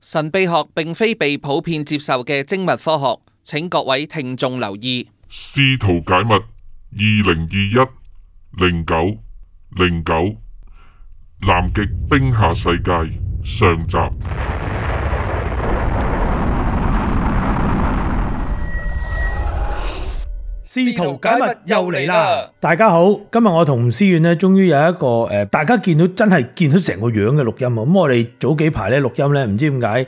神秘學並非被普遍接受嘅精密科學，請各位聽眾留意。試圖解密，二零二一零九零九南極冰下世界上集。試圖解密又嚟啦！大家好，今日我同思遠咧，終於有一個、呃、大家見到真係見到成個樣嘅錄音咁、嗯、我哋早幾排咧錄音咧，唔知點解。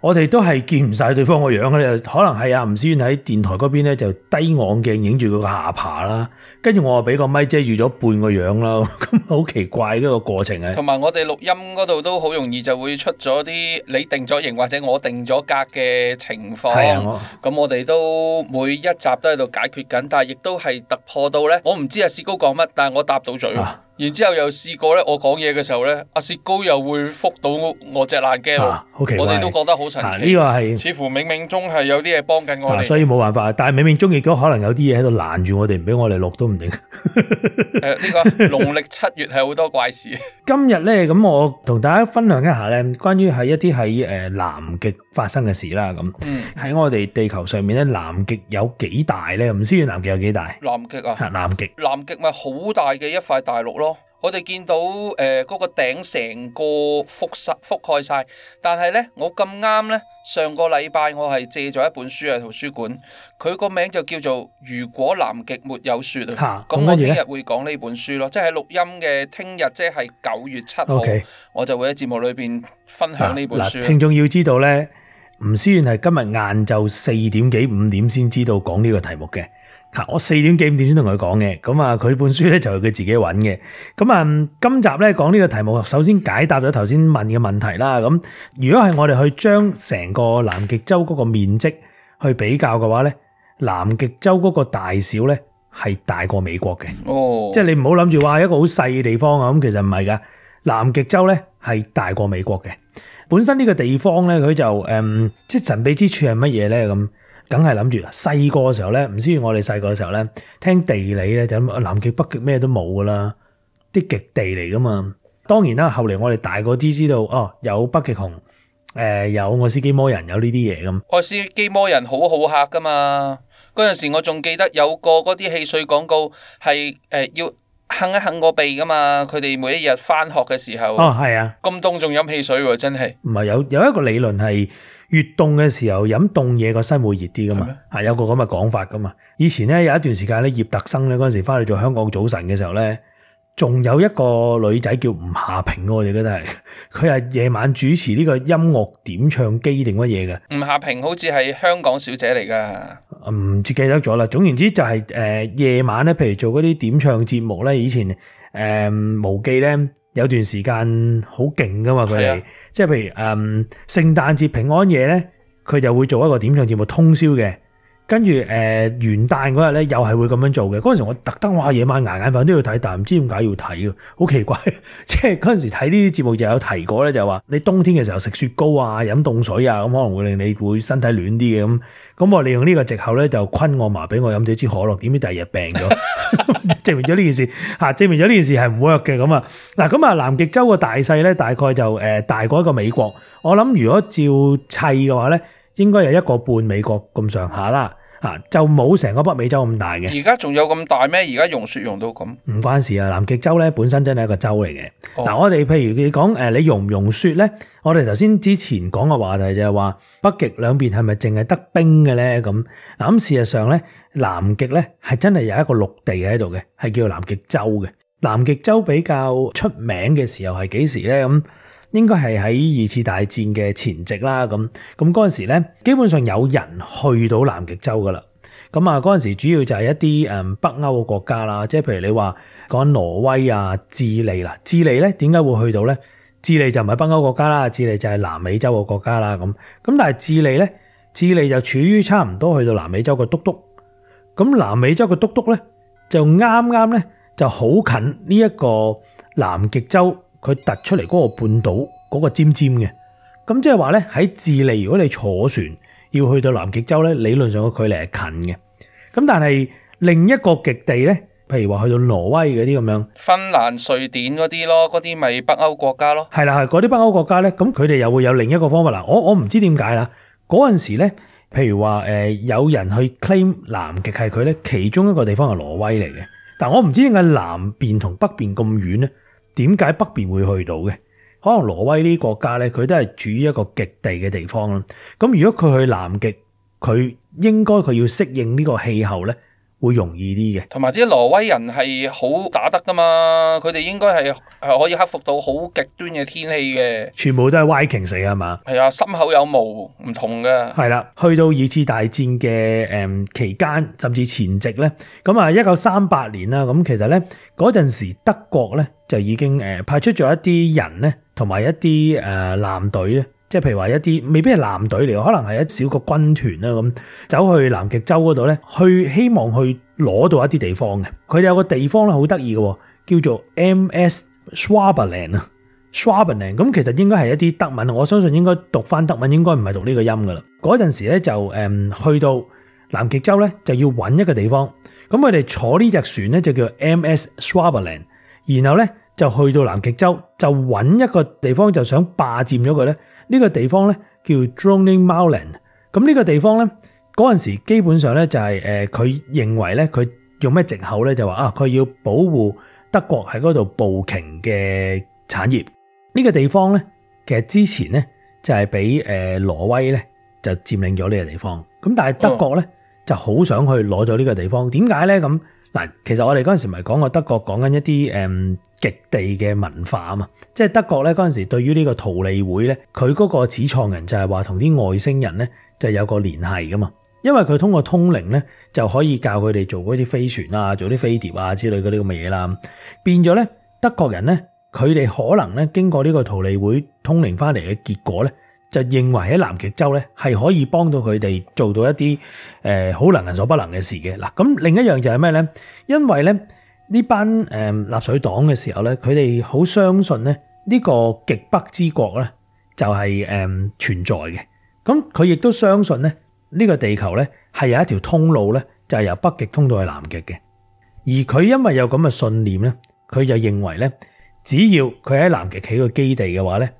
我哋都係見唔晒對方個樣咧，可能係阿吳思遠喺電台嗰邊咧就低昂鏡影住佢個下巴啦，跟住我啊俾個咪遮住咗半個樣啦，咁好奇怪呢個過程啊！同埋我哋錄音嗰度都好容易就會出咗啲你定咗型或者我定咗格嘅情況，咁我哋都每一集都喺度解決緊，但係亦都係突破到咧。我唔知阿薛高講乜，但係我答到嘴。啊。然之後又試過咧，我講嘢嘅時候咧，阿雪糕又會覆到我隻爛鏡。啊，OK，我哋都覺得好神奇。呢、啊這個係似乎冥冥中係有啲嘢幫緊我哋、啊。所以冇辦法，但係冥冥中亦都可能有啲嘢喺度攔住我哋，唔俾我哋錄都唔定。誒、 啊，呢、這個農曆七月係好多怪事。 今日咧，咁我同大家分享一下咧，關於喺一啲喺誒南極，發生嘅事啦，咁喺我哋地球上面咧，南極有幾大呢？唔知要南極有幾大？南極啊，南極，南極咪好大嘅一塊大陸咯。我哋見到誒嗰個頂成個覆晒覆蓋晒，但係呢，我咁啱呢，上個禮拜我係借咗一本書啊，圖書館，佢個名就叫做《如果南極沒有雪》啊。吓，咁我聽日會講呢本書咯，即係錄音嘅，聽日即係九月七號，我就會喺節目裏邊分享呢本書。啊，聽眾要知道呢。吳思遠係今日晏晝四點幾五點先知道講呢個題目嘅，吓，我四點幾五點先同佢講嘅，咁啊佢本書咧就佢自己搵嘅，咁、嗯、啊今集咧講呢講個題目，首先解答咗頭先問嘅問題啦，咁如果係我哋去將成個南極洲嗰個面積去比較嘅話咧，南極洲嗰個大小咧係大過美國嘅，哦，oh. 即係你唔好諗住話一個好細嘅地方啊，咁其實唔係噶，南極洲咧係大過美國嘅。本身呢個地方咧，佢就誒、嗯，即係神秘之處係乜嘢咧？咁梗係諗住啦。細個嘅時候咧，唔知我哋細個嘅時候咧，聽地理咧就咁，南極北極咩都冇噶啦，啲極地嚟噶嘛。當然啦，後嚟我哋大個啲知道，哦，有北極熊，誒，有愛斯基摩人，有呢啲嘢咁。愛、啊、斯基摩人好好客噶嘛！嗰陣時我仲記得有個嗰啲汽水廣告係誒要。呃擤一擤個鼻噶嘛，佢哋每一日翻學嘅時候，哦係啊，咁凍仲飲汽水喎，啊，真係。唔係有有一個理論係越凍嘅時候飲凍嘢個身會熱啲噶嘛，啊嗎有個咁嘅講法噶嘛。以前咧有一段時間咧葉特生咧嗰陣時翻嚟做香港早晨嘅時候咧。仲有一個女仔叫吳夏平咯，我哋覺得係佢係夜晚主持呢個音樂點唱機定乜嘢嘅。吳夏平好似係香港小姐嚟噶，唔記得咗啦。總言之就係誒夜晚咧，譬如做嗰啲點唱節目咧，以前誒無記咧有段時間好勁噶嘛佢哋，即係譬如誒聖誕節平安夜咧，佢就會做一個點唱節目通宵嘅。跟住誒元旦嗰日咧，又係會咁樣做嘅。嗰陣時我特登哇夜晚捱眼瞓都要睇，但係唔知點解要睇嘅，好奇怪。 即係嗰陣時睇呢啲節目就有提過咧，就係話你冬天嘅時候食雪糕啊、飲凍水啊，咁可能會令你會身體暖啲嘅咁。咁我利用呢個藉口咧就昆我嫲俾我飲咗支可樂，點知第二日病咗，證明咗呢件事嚇，證明咗呢件事係唔 work 嘅咁啊。嗱咁啊，南極洲嘅大細咧大概就誒大過一個美國。我諗如果照砌嘅話咧，應該有一個半美國咁上下啦。啊，就冇成個北美洲咁大嘅。而家仲有咁大咩？而家融雪融到咁？唔關事啊。南極洲咧本身真係一個洲嚟嘅。嗱、哦啊，我哋譬如你講誒，你融唔融雪咧？我哋頭先之前講嘅話題就係話，北極兩邊係咪淨係得冰嘅咧？咁嗱咁，事實上咧，南極咧係真係有一個陸地喺度嘅，係叫南極洲嘅。南極洲比較出名嘅時候係幾時咧？咁、嗯。應該係喺二次大戰嘅前夕啦，咁咁嗰陣時咧，基本上有人去到南極洲噶啦。咁啊，嗰陣時主要就係一啲誒、嗯、北歐嘅國家啦，即係譬如你話講挪威啊、智利啦。智利咧點解會去到咧？智利就唔係北歐國家啦，智利就係南美洲嘅國家啦。咁咁但係智利咧，智利就處於差唔多去到南美洲嘅篤篤。咁南美洲嘅篤篤咧，就啱啱咧就好近呢一個南極洲。佢突出嚟嗰個半島嗰個尖尖嘅，咁即係話咧喺智利，如果你坐船要去到南極洲咧，理論上嘅距離係近嘅。咁但係另一個極地咧，譬如話去到挪威嗰啲咁樣，芬蘭、瑞典嗰啲咯，嗰啲咪北歐國家咯。係啦，係嗰啲北歐國家咧，咁佢哋又會有另一個方法嗱。我我唔知點解啦，嗰陣時咧，譬如話誒有人去 claim 南極係佢咧，其中一個地方係挪威嚟嘅，但我唔知點解南邊同北邊咁遠咧。點解北邊會去到嘅？可能挪威呢啲國家咧，佢都係處於一個極地嘅地方啦。咁如果佢去南極，佢應該佢要適應呢個氣候咧。會容易啲嘅，同埋啲挪威人係好打得噶嘛，佢哋應該係係可以克服到好極端嘅天氣嘅。全部都係 Viking 死係嘛？係啊，心口有毛唔同嘅。係啦，去到二次大戰嘅誒期間，甚至前夕咧，咁啊一九三八年啦，咁其實咧嗰陣時德國咧就已經誒派出咗一啲人咧，同埋一啲誒艦隊咧。即係譬如話一啲未必係藍隊嚟㗎，可能係一小個軍團啦咁，走去南極洲嗰度咧，去希望去攞到一啲地方嘅。佢哋有個地方咧好得意嘅，叫做 M.S. Schwabenland 啊，Schwabenland，咁其實應該係一啲德文，我相信應該讀翻德文應該唔係讀呢個音㗎啦。嗰陣時咧就誒去到南極洲咧，就要揾一個地方。咁佢哋坐呢隻船咧就叫 M.S. Schwabenland，然後咧就去到南極洲就揾一個地方就想霸佔咗佢咧。呢個地方咧叫 Droning Mountain，咁呢個地方咧，嗰陣時基本上咧就係誒佢認為咧，佢用咩藉口咧就話啊佢要保護德國喺嗰度捕鯨嘅產業。呢、這個地方咧其實之前咧就係俾誒挪威咧就佔領咗呢個地方，咁但係德國咧就好想去攞咗呢個地方，點解咧咁？嗱，其實我哋嗰陣時咪講過德國講緊一啲誒極地嘅文化啊嘛，即係德國咧嗰陣時對於呢個圖利會咧，佢嗰個始創人就係話同啲外星人咧就有個聯繫㗎嘛，因為佢通過通靈咧就可以教佢哋做嗰啲飛船啊、做啲飛碟啊之類嗰啲咁嘅嘢啦，變咗咧德國人咧佢哋可能咧經過呢個圖利會通靈返嚟嘅結果咧，就認為喺南極洲咧，係可以幫到佢哋做到一啲誒好能人所不能嘅事嘅嗱。咁另一樣就係咩咧？因為咧呢班誒納粹黨嘅時候咧，佢哋好相信咧呢個極北之國咧就係、是、誒、嗯、存在嘅。咁佢亦都相信咧呢個地球咧係有一條通路咧，就係由北極通到去南極嘅。而佢因為有咁嘅信念咧，佢就認為咧只要佢喺南極起個基地嘅話咧。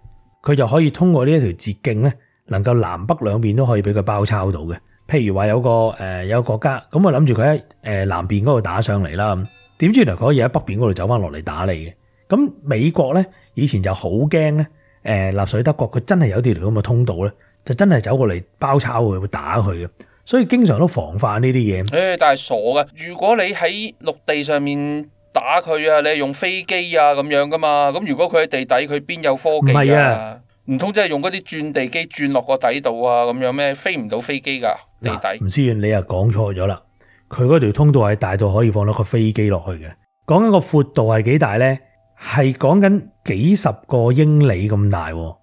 佢就可以通過呢一條捷徑咧，能夠南北兩邊都可以俾佢包抄到嘅。譬如話有個誒、呃、有個國家，咁我諗住佢喺誒南邊嗰度打上嚟啦，點知原來佢可以喺北邊嗰度走翻落嚟打你嘅。咁、嗯、美國咧以前就好驚咧，誒、呃、納粹德國佢真係有啲條咁嘅通道咧，就真係走過嚟包抄佢，會打佢嘅。所以經常都防範呢啲嘢。誒，但係傻嘅，如果你喺陸地上面。打佢啊！你係用飛機啊咁樣噶嘛？咁如果佢喺地底，佢邊有科技啊？唔係啊，唔通即係用嗰啲鑽地機鑽落個底度啊？咁樣咩飛唔到飛機噶地底？吳思遠，你又講錯咗啦！佢嗰條通道係大到可以放落個飛機落去嘅。講緊個闊度係幾大呢？係講緊幾十個英里咁大喎！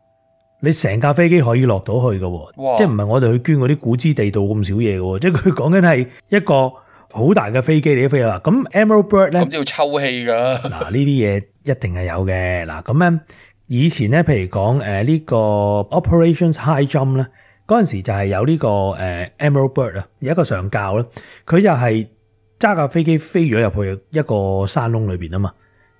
你成架飛機可以落到去嘅喎，即係唔係我哋去捐嗰啲古之地道咁少嘢嘅喎？即係佢講緊係一個。好大嘅飛機你都飛啦，咁 Emerald Bird 咧，咁都要抽氣㗎。嗱呢啲嘢一定係有嘅。嗱咁樣以前咧，譬如講誒呢個 Operations High Jump 咧、這個，嗰、欸、陣時就係有呢個誒 Emerald Bird 啊，有一個上校啦，佢就係揸架飛機飛咗入去一個山窿裏邊啊嘛，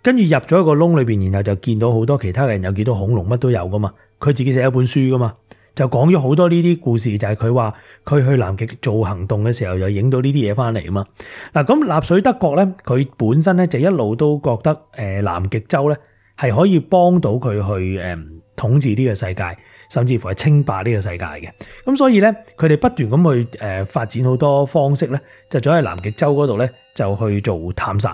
跟住入咗一個窿裏邊，然後就見到好多其他嘅人，有幾多恐龍乜都有噶嘛，佢自己寫一本書噶嘛。就講咗好多呢啲故事，就係佢話佢去南極做行動嘅時候，就影到呢啲嘢翻嚟啊嘛。嗱，咁納粹德國咧，佢本身咧就一路都覺得誒南極洲咧係可以幫到佢去誒統治呢個世界，甚至乎係稱霸呢個世界嘅。咁所以咧，佢哋不斷咁去誒發展好多方式咧，就喺南極洲嗰度咧就去做探索。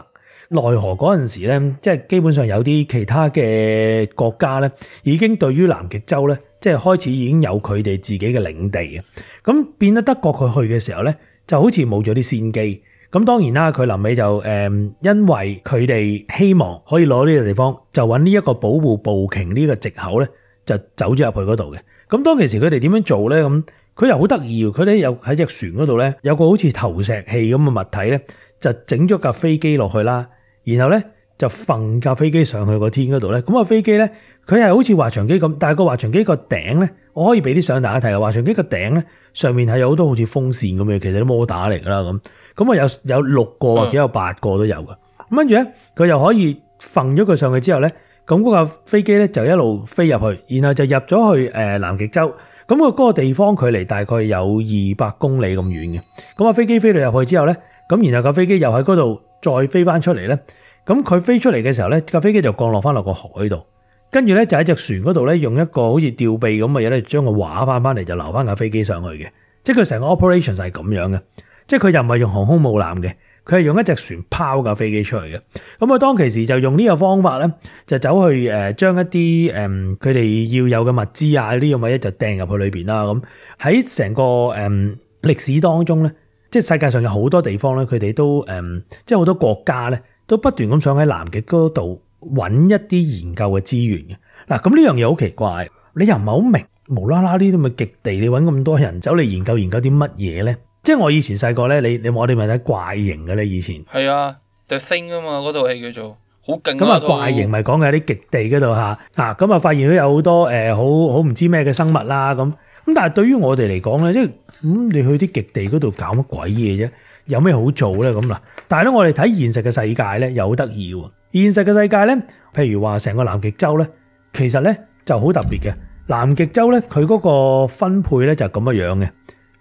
奈何嗰陣時咧，即係基本上有啲其他嘅國家咧，已經對於南極洲咧。即係開始已經有佢哋自己嘅領地啊！咁變到德國佢去嘅時候咧，就好似冇咗啲先機。咁當然啦，佢臨尾就誒、嗯，因為佢哋希望可以攞呢個地方，就揾呢一個保護捕鯨呢個藉口咧，就走咗入去嗰度嘅。咁當其時佢哋點樣做咧？咁佢又好得意喎！佢哋有喺隻船嗰度咧，有個好似投石器咁嘅物體咧，就整咗架飛機落去啦，然後咧，就瞓架飛機上去個天嗰度咧，咁啊飛機咧，佢係好似滑翔機咁，但係個滑翔機個頂咧，我可以俾啲相大家睇啊。滑翔機個頂咧，上面係有好多好似風扇咁嘅，其實啲摩打嚟㗎啦咁。咁啊有有六個或者有八個都有㗎。咁跟住咧，佢又可以瞓咗佢上去之後咧，咁嗰架飛機咧就一路飛入去，然後就入咗去誒南極洲。咁個嗰個地方距離大概有二百公里咁遠嘅。咁啊飛機飛到入去之後咧，咁然後架飛機又喺嗰度再飛返出嚟咧。咁佢飛出嚟嘅時候咧，架飛機就降落翻落個海度，跟住咧就喺隻船嗰度咧，用一個好似吊臂咁嘅嘢咧，將佢滑翻翻嚟，就留翻架飛機上去嘅。即係佢成個 operation 係咁樣嘅，即係佢又唔係用航空母艦嘅，佢係用一隻船拋架飛機出去嘅。咁、嗯、佢當其時就用呢個方法咧，就走去誒將一啲誒佢哋要有嘅物資啊呢樣嘢就掟入去裏邊啦。咁喺成個誒、嗯、歷史當中咧，即係世界上有好多地方咧，佢哋都誒、嗯、即係好多國家咧。都不斷咁想喺南極嗰度揾一啲研究嘅資源嘅，嗱，咁呢樣嘢好奇怪，你又唔係好明，無啦啦呢啲咁嘅極地，你揾咁多人走嚟研究研究，啲乜嘢咧？即係我以前細個咧，你你我哋咪睇怪形嘅咧，以前係啊，The Thing 啊嘛，嗰套戲叫做好勁啊，咁、嗯、啊怪形咪講嘅係啲極地嗰度吓，嗱、嗯，咁啊發現咗有好多誒好好唔知咩嘅生物啦咁，咁、啊嗯、但係對於我哋嚟講咧，即係咁、嗯、你去啲極地嗰度搞乜鬼嘢啫？有咩好做咧？咁嗱。啊但係咧，我哋睇現實嘅世界咧，又好得意嘅。現實嘅世界咧，譬如話成個南極洲咧，其實咧就好特別嘅。南極洲咧，佢嗰個分配咧就咁嘅樣嘅，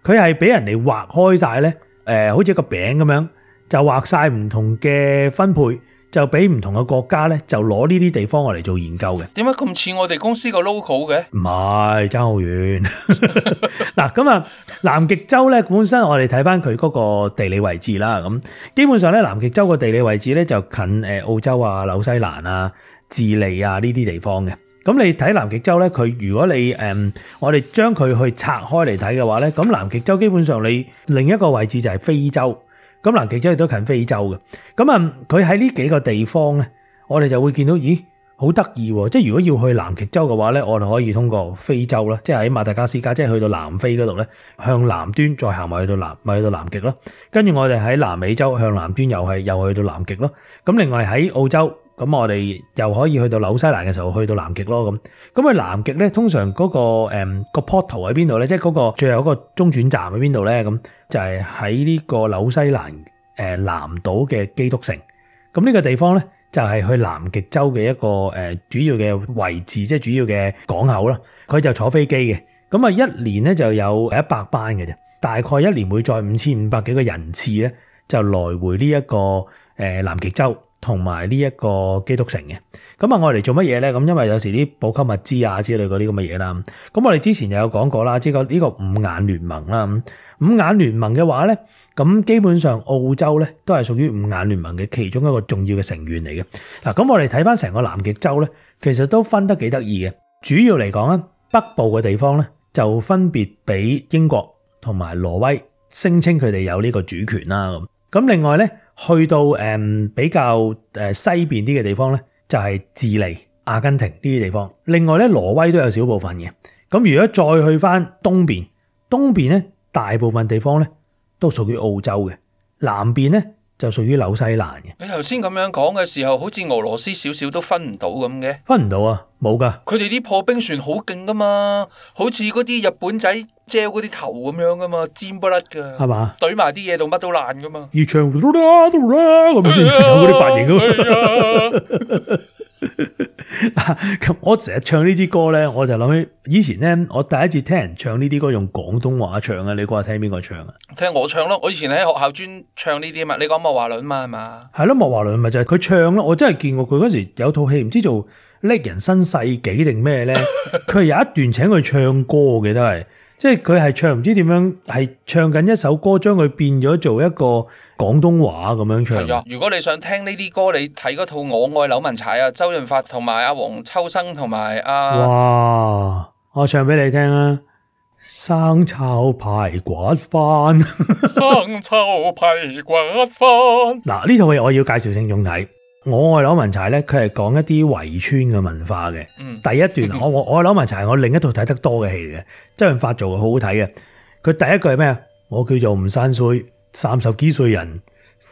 佢係俾人哋劃開晒咧，誒，好似個餅咁樣，就劃晒唔同嘅分配。就俾唔同嘅國家咧，就攞呢啲地方我嚟做研究嘅。點解咁似我哋公司個 local 嘅？唔係爭好遠嗱，咁 啊， 南極洲咧本身我哋睇翻佢嗰個地理位置啦。咁基本上咧，南極洲個地理位置咧就近誒澳洲啊、紐西蘭啊、智利啊呢啲地方嘅。咁你睇南極洲咧，佢如果你誒、嗯、我哋將佢去拆開嚟睇嘅話咧，咁南極洲基本上你另一個位置就係非洲。咁南極洲亦都近非洲嘅，咁啊佢喺呢幾個地方咧，我哋就會見到，咦好得意喎！即係如果要去南極洲嘅話咧，我哋可以通過非洲啦，即係喺馬達加斯加，即係去到南非嗰度咧，向南端再行埋去到南，埋去到南極咯。跟住我哋喺南美洲向南端又係又去到南極咯。咁另外喺澳洲。咁我哋又可以去到紐西蘭嘅時候，去到南極咯咁。咁去南極咧，通常嗰、那個誒個 portal 喺邊度咧？即係嗰個最後一個中轉站喺邊度咧？咁就係喺呢個紐西蘭誒、呃、南島嘅基督城。咁呢個地方咧，就係、是、去南極洲嘅一個誒、呃、主要嘅位置，即係主要嘅港口啦。佢就坐飛機嘅。咁啊，一年咧就有一百班嘅啫，大概一年會載五千五百幾個人次咧，就來回呢、這、一個誒、呃、南極洲。同埋呢一個基督城嘅，咁啊我嚟做乜嘢咧？咁因為有時啲補給物資啊之類嗰啲咁嘅嘢啦，咁我哋之前就有講過啦，即係呢個五眼聯盟啦。五眼聯盟嘅話咧，咁基本上澳洲咧都係屬於五眼聯盟嘅其中一個重要嘅成員嚟嘅。嗱，咁我哋睇翻成個南極洲咧，其實都分得幾得意嘅。主要嚟講咧，北部嘅地方咧就分別俾英國同埋挪威聲稱佢哋有呢個主權啦。咁另外呢，去到比較西邊啲嘅地方呢，就係智利、阿根廷呢啲地方。另外呢，挪威都有少部分嘅。咁如果再去翻東邊，東邊呢大部分地方呢都屬於澳洲嘅。南邊呢，就屬於紐西蘭嘅。你頭先咁樣講嘅時候，好似俄羅斯少少都分唔到咁嘅。分唔到啊，冇噶。佢哋啲破冰船好勁噶嘛，好似嗰啲日本仔遮嗰啲頭咁樣噶嘛，尖不甩噶。係嘛？懟埋啲嘢度，乜都爛噶嘛。咁啲髮型嘛。嗱， 我成日唱呢支歌咧，我就諗起以前咧，我第一次聽人唱呢啲歌用廣東話唱啊，你估下聽邊個唱啊？聽我唱咯，我以前喺學校專唱呢啲啊嘛，你講莫華倫啊嘛係嘛？係咯， 莫華倫咪就係佢唱咯，我真係見過佢嗰時有套戲，唔知做《歷人新世紀》定咩咧，佢係有一段請佢唱歌嘅，都係。即係佢係唱唔知點樣，係唱緊一首歌，將佢變咗做一個廣東話咁樣唱。係啊，如果你想聽呢啲歌，你睇嗰套《我愛扭紋柴》啊，周潤發同埋阿黃秋生同埋阿。哇！我唱俾你聽啦，啊，《生炒排骨飯，》 生炒排骨飯。嗱，呢套戲我要介紹聽眾睇。我愛扭紋柴咧，佢係講一啲圍村嘅文化嘅。嗯、 第一段，我我我愛扭紋柴，係我另一套睇得多嘅戲嚟嘅，周潤發做嘅好好睇嘅。佢第一句係咩啊？我叫做吳三歲，三十幾歲人，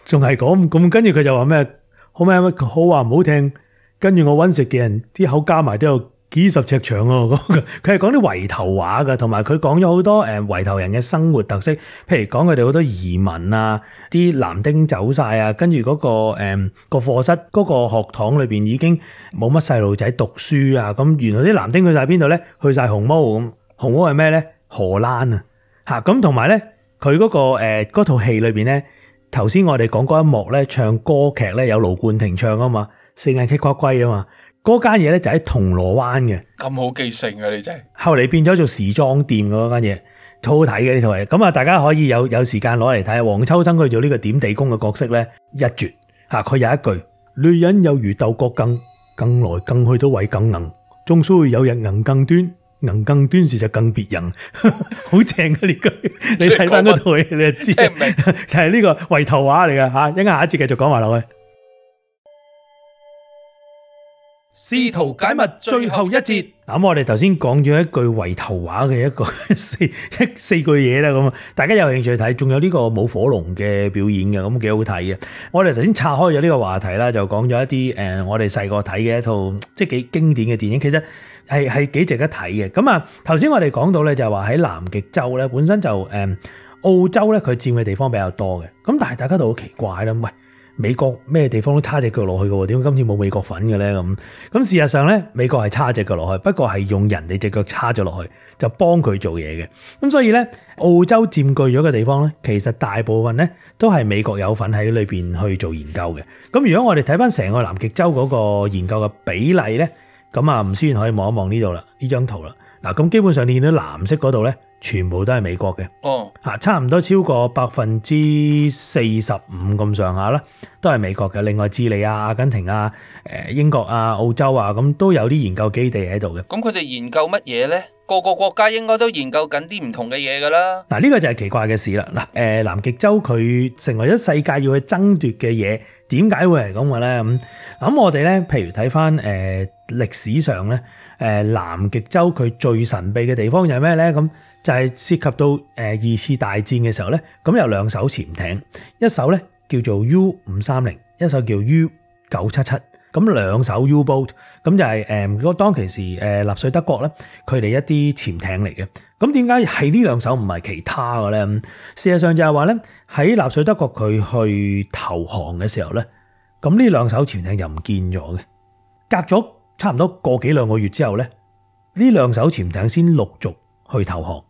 仲係講咁。跟住佢就話咩？好咩？好話唔好，好聽。跟住我揾食嘅人，啲口加埋都有。幾十尺長哦！嗰個佢係講啲圍頭話嘅，同埋佢講咗好多誒圍頭人嘅生活特色，譬如講佢哋好多移民啊，啲男丁走曬啊，跟住嗰個誒個課室嗰個學堂裏邊已經冇乜細路仔讀書啊！咁原來啲男丁去曬邊度咧？去曬紅毛咁，紅毛係咩咧？荷蘭啊嚇！咁同埋咧，佢嗰個誒嗰套戲裏邊咧，頭先我哋講嗰一幕咧，唱歌劇咧，有盧冠廷唱啊嘛，《四眼戚瓜龜》啊嘛。嗰間嘢咧就喺銅鑼灣嘅，咁好記性嘅，你真係。後嚟變咗做時裝店嗰間嘢，好好睇嘅呢套戲。咁啊，大家可以有有時間攞嚟睇。黃秋生佢做呢個點地公嘅角色咧一絕吓，佢有一句：女人有如斗角更，更來更去都為更硬，終須有日硬更端，硬更端時就更別人。好正嘅呢句， 你睇翻嗰套戲你就知，不清不清 就係呢個圍頭話嚟嘅吓。一陣下一節繼續講埋落去。試圖解密最後一節。咁、嗯、我哋頭先講咗一句圍頭話嘅一個四一四句嘢啦，咁啊，大家有興趣睇，仲有呢個舞火龍嘅表演嘅，咁幾好睇嘅。我哋頭先拆開咗呢個話題啦，就講咗一啲誒、嗯，我哋細個睇嘅一套即係幾經典嘅電影，其實係係幾值得睇嘅。咁、嗯、啊，頭先我哋講到咧，就係話喺南極洲咧，本身就誒、嗯、澳洲咧，佢佔嘅地方比較多嘅。咁但係大家都好奇怪啦、嗯，喂。美國咩地方都叉隻腳落去㗎喎，點解今次冇美國粉嘅咧？咁咁事實上咧，美國係叉隻腳落去，不過係用人哋隻腳叉咗落去，就幫佢做嘢嘅。咁所以咧，澳洲佔據咗嘅地方咧，其實大部分咧都係美國有份喺裏邊去做研究嘅。咁如果我哋睇返成個南極洲嗰個研究嘅比例咧，咁啊首先可以望一望呢度啦，呢張圖啦。嗱，咁基本上你見到藍色嗰度咧。全部都係美國嘅，嚇、oh. 差唔多超過百分之四十五咁上下啦，都係美國嘅。另外，智利啊、阿根廷啊、誒英國啊、澳洲啊咁都有啲研究基地喺度嘅。咁佢哋研究乜嘢咧？個個國家應該都研究緊啲唔同嘅嘢㗎啦。嗱、啊，呢、這個就係奇怪嘅事啦。嗱、呃，誒南極洲佢成為咗世界要去爭奪嘅嘢，點解會係咁嘅咧？咁、嗯、咁我哋咧，譬如睇翻誒歷史上咧，誒、呃、南極洲佢最神秘嘅地方就係咩咧？咁、嗯就係涉及到誒二次大戰嘅時候咧，咁有兩艘潛艇，一艘咧叫做 U 五三零，30, 一艘叫 U 九七七，咁兩艘 U boat，咁就係如果當其時誒納粹德國咧，佢哋一啲潛艇嚟嘅。咁點解係呢兩艘唔係其他嘅咧？事實上就係話咧，喺納粹德國佢去投降嘅時候咧，咁呢兩艘潛艇就唔見咗嘅，隔咗差唔多個幾兩個月之後咧，呢兩艘潛艇先陸續去投降。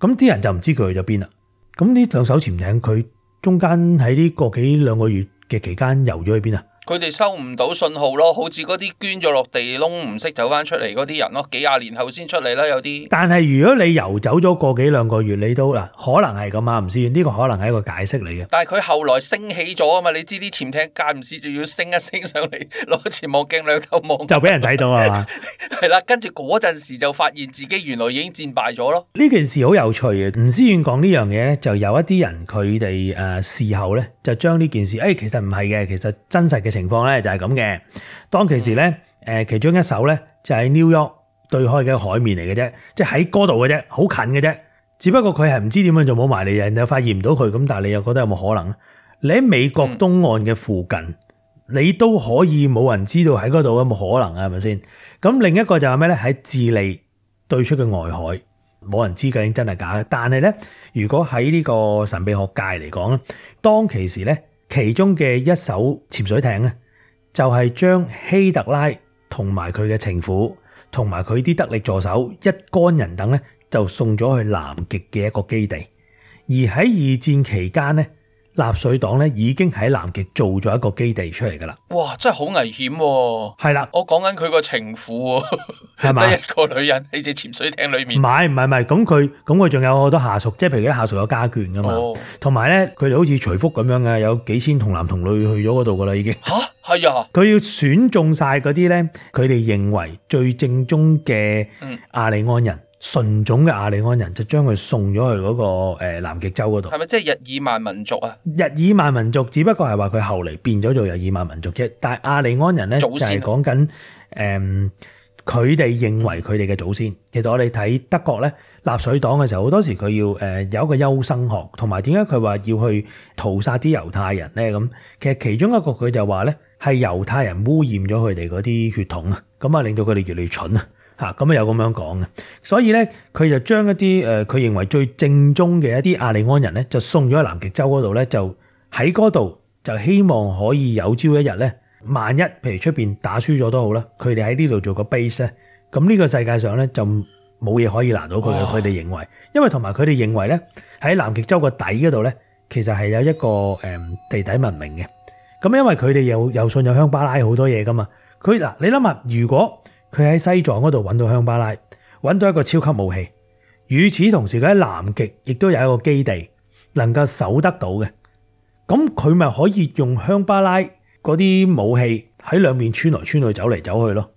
咁啲人就唔知佢去咗邊啦。咁呢兩艘潛艇，佢中間喺呢個幾兩個月嘅期間遊咗去邊啊？佢哋收唔到信號咯，好似嗰啲捐咗落地窿唔識走翻出嚟嗰啲人咯，幾廿年後先出嚟啦，有啲。但係如果你游走咗個幾兩個月，你都嗱，可能係咁啊，吳思遠呢、這個可能係一個解釋嚟嘅。但係佢後來升起咗啊嘛，你知啲潛艇間唔時就要升一升上嚟攞潛望鏡兩頭望，就俾人睇到啊嘛。係啦， 跟住嗰陣時就發現自己原來已經戰敗咗咯。呢件事好有趣嘅，吳思遠講呢樣嘢呢，就有一啲人佢哋誒事後呢，就將呢件事，誒、哎、其實唔係嘅，其實真實嘅。情況咧，就係咁嘅。當其時咧，誒、呃，其中一手咧就喺 New York 對開嘅海面嚟嘅啫，即係喺嗰度嘅啫，好近嘅啫。只不過佢係唔知點樣就冇埋你，人又發現唔到佢，咁但係你又覺得有冇可能？你喺美國東岸嘅附近，你都可以冇人知道喺嗰度，有冇可能啊？係咪先？咁另一個就係咩咧？喺智利對出嘅外海，冇人知究竟真係假嘅。但係咧，如果喺呢個神秘學界嚟講咧，當其時咧。其中嘅一艘潛水艇，就係將希特拉同埋佢嘅情婦，同埋佢啲得力助手一干人等咧，就送咗去南極嘅一個基地。而喺二戰期間咧。納粹黨咧，已經喺南極做咗一個基地出嚟噶啦！哇，真係好危險，啊！係啦的，我講緊佢個情婦係咪， 吧 一個女人喺隻潛水艇裏面。唔係唔係唔係，咁佢咁佢仲有好多下屬，即係譬如啲下屬有家眷噶嘛，同埋咧佢哋好似徐福咁樣嘅，有幾千童男童女去咗嗰度噶啦已經。吓，係啊！佢，啊、要選中晒嗰啲咧，佢哋認為最正宗嘅亞利安人。嗯純種嘅亞利安人就將佢送咗去嗰個南極洲嗰度。係咪即係日耳曼民族啊？日耳曼民族只不過係話佢後嚟變咗做日耳曼民族啫。但係亞利安人咧，就係講緊誒佢哋認為佢哋嘅祖先。其實我哋睇德國咧，納粹黨嘅時候，好多時佢要誒有一個優生學，同埋點解佢話要去屠殺啲猶太人咧？咁其實其中一個佢就話咧係猶太人污染咗佢哋嗰啲血統啊，咁啊令到佢哋越嚟越蠢啊！吓咁啊有咁樣講嘅，所以咧佢就將一啲誒佢認為最正宗嘅一啲亞利安人咧，就送咗去南極洲嗰度咧，就喺嗰度就希望可以有朝一日咧，萬一譬如出邊打輸咗都好啦，佢哋喺呢度做個 base 咧，咁呢個世界上咧就冇嘢可以難到佢。佢哋認為，因為同埋佢哋認為咧，喺南極洲個底嗰度咧，其實係有一個誒地底文明嘅。咁因為佢哋又又信有香巴拉好多嘢噶嘛，佢嗱你諗下如果。佢喺西藏嗰度揾到香巴拉，揾到一個超級武器。與此同時，佢喺南極亦都有一個基地，能夠守得到嘅。咁佢咪可以用香巴拉嗰啲武器喺兩邊穿來穿去，走嚟走去咯。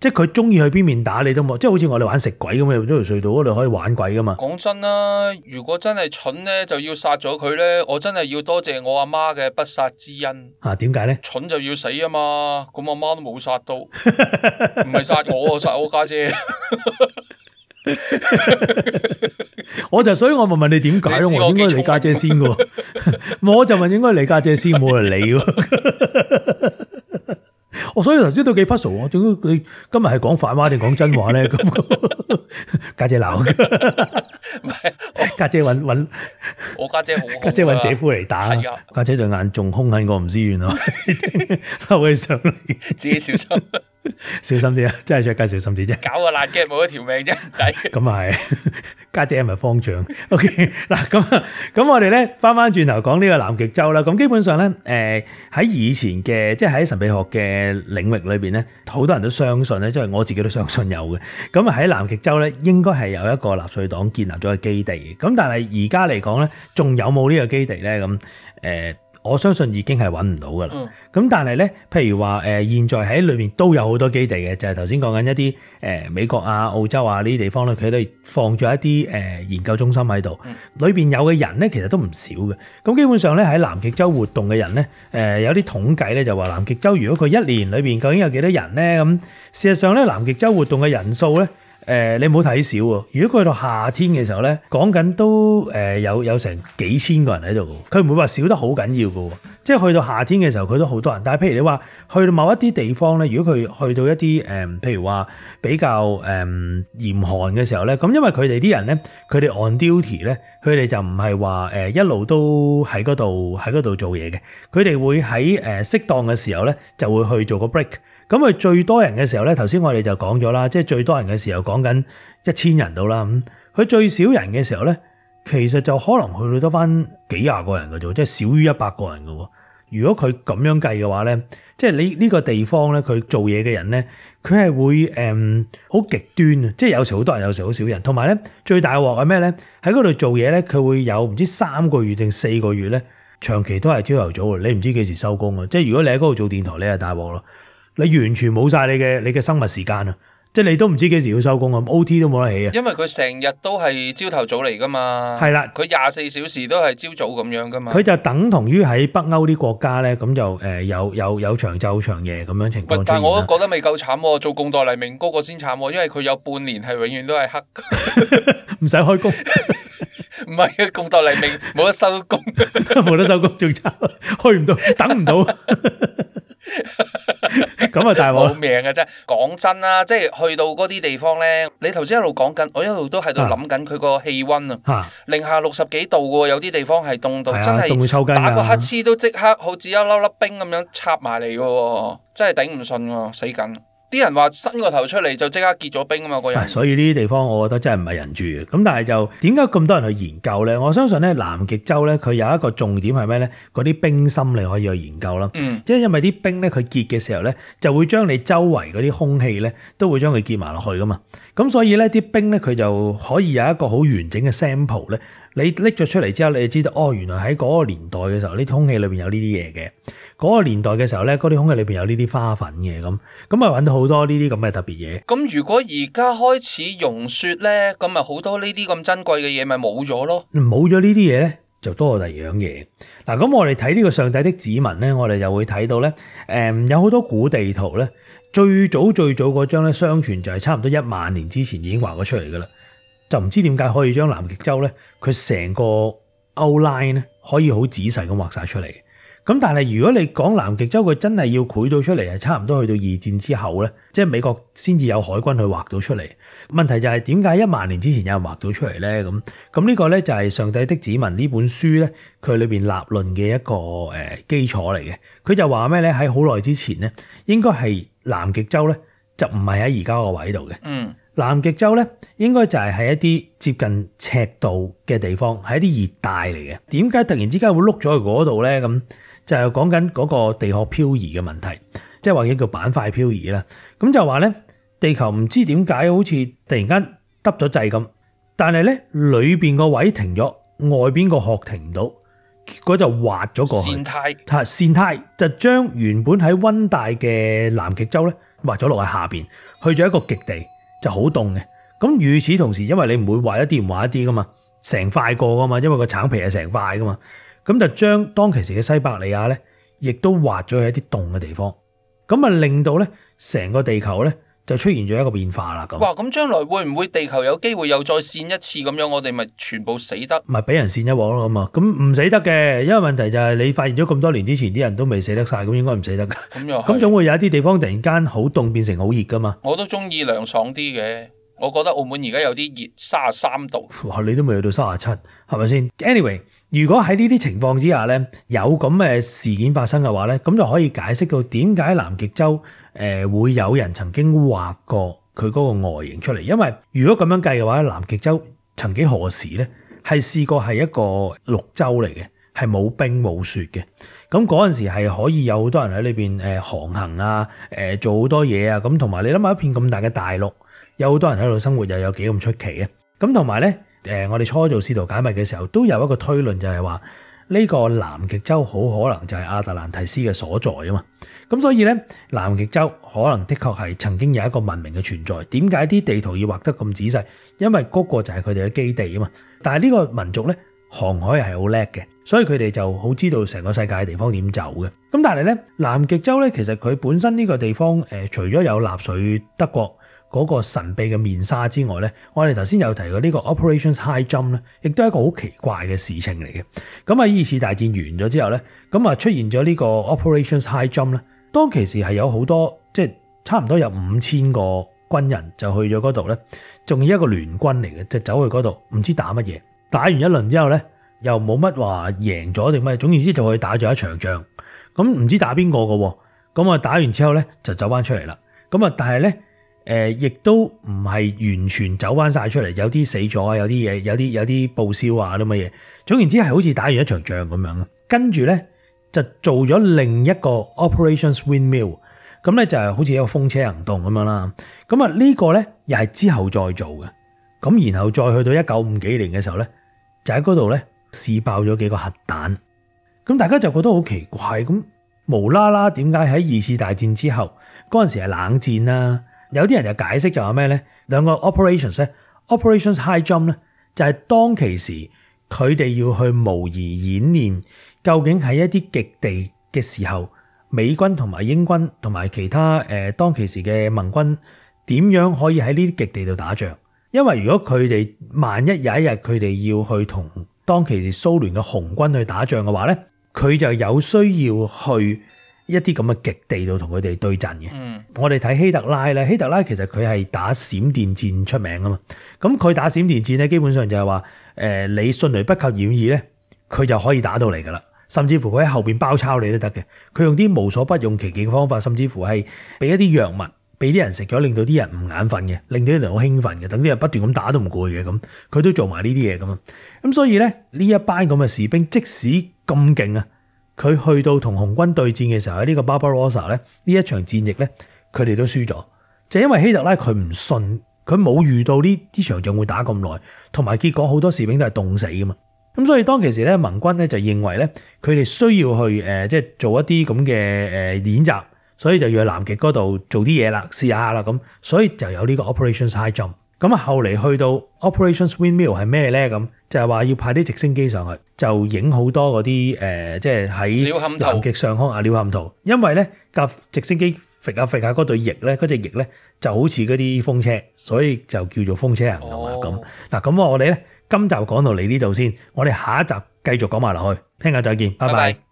即係佢中意去邊面打你都冇，即係好似我哋玩食鬼咁樣，呢條隧道嗰度可以玩鬼噶嘛。講真啦，如果真係蠢咧，就要殺咗佢咧。我真係要多謝我阿媽嘅不殺之恩。啊，點解咧？蠢就要死啊嘛。咁阿媽都冇殺到，唔係殺我，殺 我家姐。 我就所以，我問問你點解咯？你我應該理家姐先嘅。 我就問應該你家姐，姐先，冇人理。 我、哦、所以頭先都幾 puzzle 我仲要你今日係講反話定講真話咧？咁 家姐鬧， 家姐搵搵我家姐好，家姐搵姐，姐夫嚟打，家的姐，姐對眼仲凶狠過吳思遠啊！我哋想自己小心。 小心啲啊！真係出街，小心啲啫。搞個爛雞冇一條命啫。咁啊係，家姐係咪方丈。O K，嗱咁咁我哋咧翻翻轉頭講呢個南極洲啦。咁基本上咧，誒喺以前嘅即係喺神秘學嘅領域裏邊咧，好多人都相信咧，即係我自己都相信有嘅。咁啊喺南極洲咧，應該係有一個納粹黨建立咗個基地。咁但係而家嚟講咧，仲有冇呢個基地咧？咁誒。我相信已經係揾唔到噶啦。咁但係咧，譬如話誒、呃，現在喺裏面都有好多基地嘅，就係頭先講緊一啲誒、呃、美國啊、澳洲啊呢啲地方咧，佢哋放咗一啲誒、呃、研究中心喺度。裏邊有嘅人咧，其實都唔少嘅。咁基本上咧，喺南極洲活動嘅人咧，誒、呃、有啲統計咧，就話南極洲如果佢一年裏邊究竟有幾多人咧？咁、嗯、事實上咧，南極洲活動嘅人數咧。誒、呃、你唔好睇少喎，如果佢去到夏天嘅時候咧，講緊都誒有有成幾千個人喺度，佢唔會話少得好緊要嘅喎，即係去到夏天嘅時候佢都好多人。但係譬如你話去到某一啲地方咧，如果佢去到一啲誒、呃，譬如話比較誒、呃、嚴寒嘅時候咧，咁因為佢哋啲人咧，佢哋 on duty 咧，佢哋就唔係話誒一路都喺嗰度喺嗰度做嘢嘅，佢哋會喺誒、呃、適當嘅時候咧就會去做個 break。咁佢最多人嘅時候咧，頭先我哋就講咗啦，即係最多人嘅時候講緊一千人度啦。咁佢最少人嘅時候咧，其實就可能去到得翻幾廿個人嘅啫，即係少於一百個人嘅喎。如果佢咁樣計嘅話咧，即係你呢個地方咧，佢做嘢嘅人咧，佢係會誒好極端啊！即係有時好多人，有時好少人。同埋咧，最大鑊係咩咧？喺嗰度做嘢咧，佢會有唔知三個月定四個月咧，長期都係朝頭早。你唔知幾時收工啊！即係如果你喺嗰度做電台，你係大鑊咯。你完全冇晒你嘅你嘅生物時間啊！即係你都唔知幾時要收工啊！OT 都冇得起啊！因為佢成日都係朝頭早嚟噶嘛，係啦，佢廿四小時都係朝早咁樣噶嘛。佢就等同於喺北歐啲國家咧，咁就誒有有有長晝長夜咁樣情況出現啦。但係我都覺得未夠慘，做貢多黎明嗰個先慘，因為佢有半年係永遠都係黑，唔使開工，唔係貢多黎明冇得收工，冇得收工仲慘，開唔到，等唔到。咁啊， 大鑊命真啫！講真啦，即係去到嗰啲地方咧，你頭先一路講緊，我一路都喺度諗緊佢個氣溫啊，零下六十幾度嘅喎，有啲地方係凍到、啊、真係，打個乞嚏都即刻好似一粒粒冰咁樣插埋嚟嘅喎，啊、真係頂唔順喎，死緊。啲人話伸個頭出嚟就即刻結咗冰啊嘛，嗰日、哎。所以呢啲地方，我覺得真係唔係人住嘅。咁但係就點解咁多人去研究咧？我相信咧，南極洲咧，佢有一個重點係咩咧？嗰啲冰芯你可以去研究啦。嗯。即係因為啲冰咧，佢結嘅時候咧，就會將你周圍嗰啲空氣咧，都會將佢結埋落去噶嘛。咁所以咧，啲冰咧，佢就可以有一個好完整嘅 sample 咧。你拎咗出嚟之後，你就知道哦，原來喺嗰個年代嘅時候，啲空氣裏邊有呢啲嘢嘅。嗰個年代嘅時候咧，嗰啲空氣裏邊有呢啲花粉嘅咁，咁咪揾到好多呢啲咁嘅特別嘢。咁如果而家開始融雪咧，咁咪好多呢啲咁珍貴嘅嘢咪冇咗咯？冇咗呢啲嘢咧，就多過第二樣嘢。嗱，咁我哋睇呢個上帝的指紋咧，我哋又會睇到咧，誒、嗯、有好多古地圖咧，最早最早嗰張咧，相傳就係差唔多一萬年之前已經畫咗出嚟噶啦。就唔知點解可以將南極洲咧，佢成個 outline 咧，可以好仔細咁畫晒出嚟。咁但係如果你講南極洲佢真係要繪到出嚟，係差唔多去到二戰之後咧，即係美國先至有海軍去畫到出嚟。問題就係點解一萬年之前有人畫到出嚟咧？咁咁呢個咧就係上帝的指紋呢本書咧佢裏邊立論嘅一個誒基礎嚟嘅。佢就話咩咧？喺好耐之前咧，應該係南極洲咧就唔係喺而家個位度嘅。嗯。南極洲咧，應該就係喺一啲接近赤道嘅地方，喺一啲熱帶嚟嘅。點解突然之間會碌咗去嗰度咧？咁就係講緊嗰個地殼漂移嘅問題，即係或者叫板塊漂移啦。咁就話咧，地球唔知點解好似突然間耷咗掣咁，但係咧裏邊個位停咗，外邊個殼停唔到，結果就滑咗過去。線態態，係線態就將原本喺溫帶嘅南極洲咧滑咗落去下邊，去咗一個極地。就好凍嘅，咁與此同時，因為你唔會劃一啲唔劃一啲噶嘛，成塊過噶嘛，因為個橙皮係成塊噶嘛，咁就將當其時嘅西伯利亞咧，亦都劃咗去一啲凍嘅地方，咁啊令到咧成個地球咧。就出現咗一個變化啦咁。哇！咁將來會唔會地球有機會又再變一次咁樣？我哋咪全部死得？咪係俾人變一鑊咯咁啊！咁唔死得嘅，因為問題就係你發現咗咁多年之前啲人都未死得晒。咁應該唔死得嘅。咁又係。咁總會有一啲地方突然間好凍變成好熱噶嘛。我都中意涼爽啲嘅。我覺得澳門而家有啲熱，三十三度。哇！你都未去到三十七，係咪先？Anyway，如果喺呢啲情況之下咧，有咁嘅事件發生嘅話咧，咁就可以解釋到點解南極洲誒、呃、會有人曾經畫過佢嗰個外形出嚟。因為如果咁樣計嘅話，南極洲曾經何時咧係試過係一個綠洲嚟嘅，係冇冰冇雪嘅。咁嗰陣時係可以有好多人喺呢邊誒航行啊，誒、呃、做好多嘢啊。咁同埋你諗下一片咁大嘅大陸。有好多人喺度生活，又有幾咁出奇啊！咁同埋咧，誒，我哋初做試圖解密嘅時候，都有一個推論，就係話呢個南極洲好可能就係亞特蘭提斯嘅所在啊嘛。咁所以咧，南極洲可能的確係曾經有一個文明嘅存在。點解啲地圖要畫得咁仔細？因為嗰個就係佢哋嘅基地啊嘛。但係呢個民族咧，航海係好叻嘅，所以佢哋就好知道成個世界嘅地方點走嘅。咁但係咧，南極洲咧，其實佢本身呢個地方誒、呃，除咗有納粹德國。嗰個神秘嘅面紗之外咧，我哋頭先有提過呢個 Operations High Jump 咧，亦都係一個好奇怪嘅事情嚟嘅。咁啊，二次大戰完咗之後咧，咁啊出現咗呢個 Operations High Jump 咧，當其時係有好多即係差唔多有五千個軍人就去咗嗰度咧，仲要一個聯軍嚟嘅，即係走去嗰度唔知打乜嘢，打完一輪之後咧，又冇乜話贏咗定乜，總言之就去打咗一場仗，咁唔知打邊個嘅喎，咁啊打完之後咧就走翻出嚟啦，咁啊但係咧。誒，亦都唔係完全走翻晒出嚟，有啲死咗啊，有啲嘢，有啲有啲報銷啊，啲乜嘢。總言之係好似打完一場仗咁樣咯。跟住呢就做咗另一個 Operation Windmill，咁咧就係好似一個風車行動咁樣啦。咁啊呢個呢又係之後再做嘅。咁然後再去到一九五幾年嘅時候呢，就喺嗰度呢試爆咗幾個核彈。咁大家就覺得好奇怪，咁無啦啦點解喺二次大戰之後嗰陣時係冷戰啦，啊。有啲人就解釋就係咩咧？兩個 Operations 咧，Operations High Jump 咧，就係當其時佢哋要去模擬演練，究竟喺一啲極地嘅時候，美軍同埋英軍同埋其他誒當其時嘅盟軍點樣可以喺呢啲極地度打仗？因為如果佢哋萬一有一日佢哋要去同當其時蘇聯嘅紅軍去打仗嘅話咧，佢就有需要去一啲咁嘅極地度同佢哋對陣嘅，嗯、我哋睇希特拉咧，希特拉其實佢係打閃電戰出名㗎嘛。咁佢打閃電戰咧，基本上就係話，誒、呃、你迅雷不及掩耳咧，佢就可以打到嚟噶啦。甚至乎佢喺後邊包抄你都得嘅。佢用啲無所不用其極嘅方法，甚至乎係俾一啲藥物俾啲人食咗，令到啲人唔眼瞓嘅，令到啲人好興奮嘅，等啲人不斷咁打都唔攰嘅咁，佢都做埋呢啲嘢咁啊。咁所以咧，呢一班咁嘅士兵，即使咁勁啊！佢去到同紅軍對戰嘅時候，喺、這、呢個 Barbarossa 咧，呢一場戰役咧，佢哋都輸咗，就是、因為希特拉佢唔信，佢冇遇到呢啲場仗會打咁耐，同埋結果好多士兵都係凍死㗎嘛，咁所以當其時咧，盟軍咧就認為咧，佢哋需要去誒、呃，即係做一啲咁嘅誒演習，所以就要去南極嗰度做啲嘢啦，試一下啦咁，所以就有呢個 Operation High Jump。咁啊，後嚟去到 Operations Windmill 係咩咧？咁就係、是、話要派啲直升機上去，就影好多嗰啲誒，即係喺南極上空啊，鳥瞰圖。因為咧架直升機飛下飛下嗰對翼咧，嗰隻翼咧就好似嗰啲風車，所以就叫做風車人咁啊。咁嗱、哦，咁我哋咧今集講到嚟呢度先，我哋下一集繼續講埋落去。聽日再見，拜拜。拜拜。